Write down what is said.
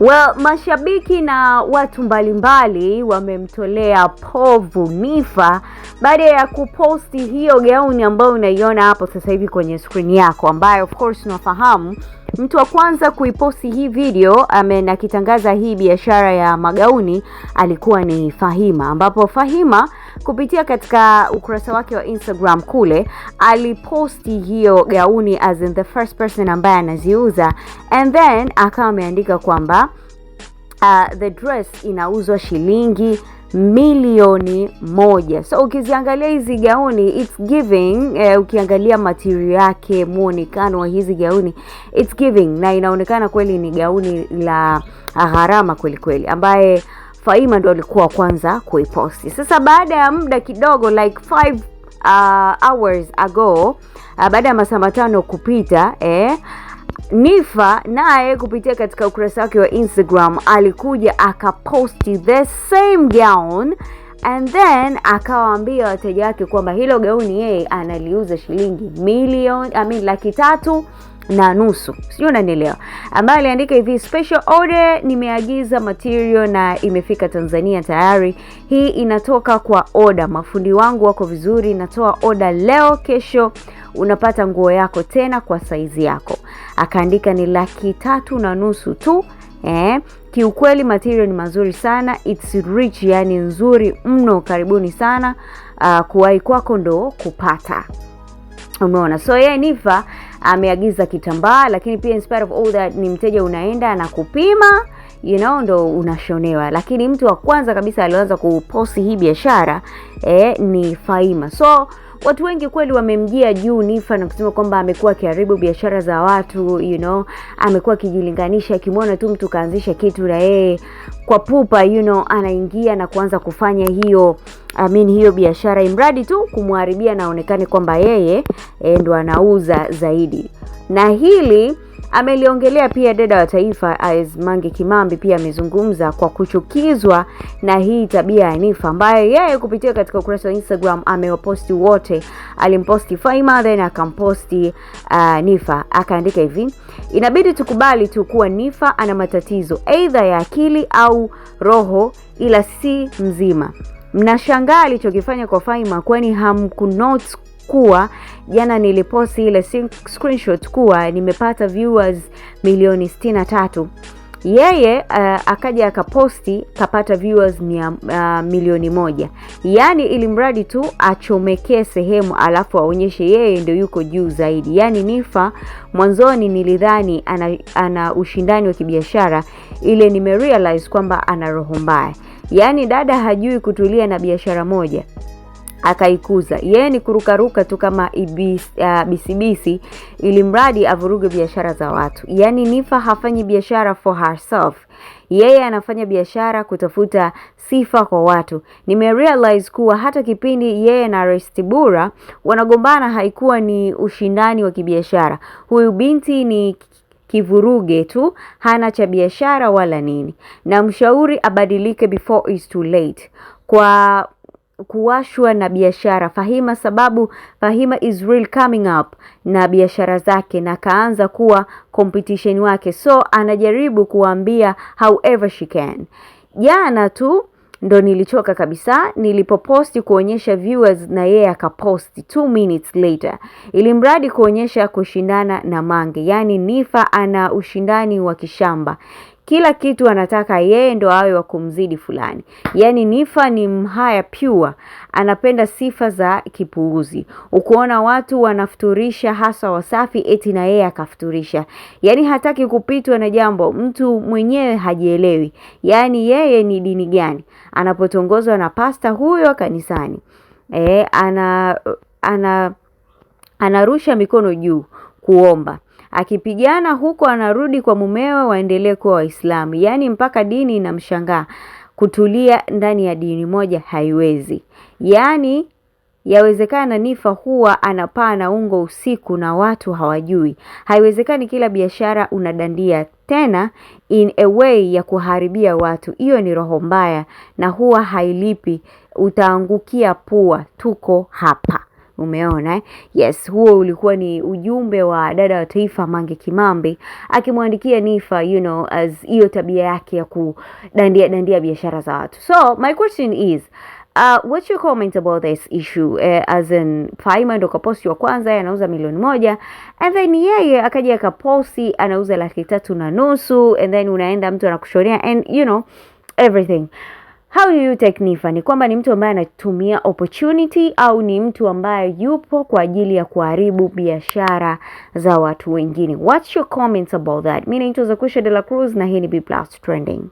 Well, mashabiki na watu mbalimbali wamemtolea povu Nifa baada ya kuposti hiyo gauni ambayo unaiona hapo sasa hivi kwenye screen yako, ambayo of course unafahamu Mtu wa kwanza kuiposti hii video akitangaza hii biashara ya magauni alikuwa ni Fahima, ambapo Fahima kupitia katika ukurasa wake wa Instagram kule aliposti hiyo gauni as in the first person ambaye anaziuza, and then akawa ameandika kwamba uh, the dress inauzwa shilingi milioni moja. So ukiziangalia hizi gauni it's giving eh, ukiangalia material yake, muonekano wa hizi gauni it's giving, na inaonekana kweli ni gauni la gharama kweli kweli, ambaye Faima ndo alikuwa kwanza kuiposti. Sasa baada ya muda kidogo like 5 uh, hours ago uh, baada ya masaa matano kupita eh, Nifa naye kupitia katika ukurasa wake wa Instagram alikuja akaposti the same gown and then akawaambia wateja wake kwamba hilo gauni yeye analiuza shilingi milioni I mean, laki tatu na nusu, sijui unanielewa, ambaye aliandika hivi: special order, nimeagiza material na imefika Tanzania tayari. Hii inatoka kwa oda, mafundi wangu wako vizuri. Natoa oda leo, kesho unapata nguo yako tena kwa saizi yako. Akaandika ni laki tatu na nusu tu. Eh, kiukweli material ni mazuri sana, it's rich, yani nzuri mno. Karibuni sana. Uh, kuwahi kwako ndo kupata. Umeona, so yeye Niva ameagiza kitambaa, lakini pia in spite of all that, ni mteja unaenda na kupima you know, ndo unashonewa. Lakini mtu wa kwanza kabisa alioanza kuposti hii biashara eh, ni Faima so Watu wengi kweli wamemjia juu nifa na kusema kwamba amekuwa akiharibu biashara za watu, you know, amekuwa akijilinganisha, akimwona tu mtu kaanzisha kitu na yeye kwa pupa, you know, anaingia na kuanza kufanya hiyo I mean, hiyo biashara imradi tu kumharibia naonekane kwamba yeye eh, ndo anauza zaidi, na hili Ameliongelea pia dada wa taifa Aes Mange Kimambi, pia amezungumza kwa kuchukizwa na hii tabia ya Nifa ambayo yeye kupitia katika ukurasa wa Instagram amewaposti wote, alimposti Faima then akamposti uh, Nifa akaandika hivi: inabidi tukubali tu kuwa Nifa ana matatizo aidha ya akili au roho, ila si mzima. Mnashangaa alichokifanya kwa Faima, kwani hamkunot kuwa jana niliposti ile screenshot kuwa nimepata viewers milioni 63 yeye uh, akaja akaposti kapata viewers mia, uh, milioni moja. Yaani ili mradi tu achomekee sehemu alafu aonyeshe yeye ndio yuko juu zaidi. Yaani Nifa mwanzoni nilidhani ana, ana ushindani wa kibiashara, ile nimerealize kwamba ana roho mbaya. Yaani dada hajui kutulia na biashara moja akaikuza. Yeye ni kurukaruka tu kama ibis, uh, bisibisi, ili mradi avuruge biashara za watu. Yaani Nifa hafanyi biashara for herself, yeye anafanya biashara kutafuta sifa kwa watu. Nimerealize kuwa hata kipindi yeye na Restibura wanagombana haikuwa ni ushindani wa kibiashara. Huyu binti ni kivuruge tu, hana cha biashara wala nini. Namshauri abadilike before it's too late. Kwa kuwashwa na biashara Fahima sababu Fahima is real coming up na biashara zake na kaanza kuwa competition wake, so anajaribu kuambia however she can. Jana tu ndo nilichoka kabisa nilipoposti kuonyesha viewers na yeye akaposti two minutes later, ili mradi kuonyesha kushindana na Mange, yaani Nifa ana ushindani wa kishamba kila kitu anataka yeye ndo awe wa kumzidi fulani. Yaani Nifa ni mhaya pure, anapenda sifa za kipuuzi. Ukuona watu wanafuturisha hasa Wasafi, eti na yeye akafuturisha. Yaani hataki kupitwa na jambo, mtu mwenyewe hajielewi. Yaani yeye ni dini gani? Anapotongozwa na pasta huyo kanisani e, ana ana anarusha mikono juu kuomba akipigana huko anarudi kwa mumewe waendelee kuwa Waislamu. Yaani mpaka dini inamshangaa, kutulia ndani ya dini moja haiwezi. Yaani yawezekana Nifa huwa anapaa na ungo usiku na watu hawajui. Haiwezekani kila biashara unadandia, tena in a way ya kuharibia watu. Hiyo ni roho mbaya na huwa hailipi, utaangukia pua. Tuko hapa. Umeona eh? Yes, huo ulikuwa ni ujumbe wa dada wa taifa Mange Kimambi akimwandikia Nifa, you know, as hiyo tabia yake ya kudandia dandia biashara za watu. So my question is Uh, what's your comment about this issue uh, as in Faima ndo kaposti wa kwanza anauza milioni moja and then yeye akaja akaposti anauza laki tatu na nusu and then unaenda mtu anakushonea and you know everything How do you take Nifa? Ni kwamba ni mtu ambaye anatumia opportunity au ni mtu ambaye yupo kwa ajili ya kuharibu biashara za watu wengine. What's your comments about that? Mimi naitwa Zakusha De La Cruz na hii ni B+ Trending.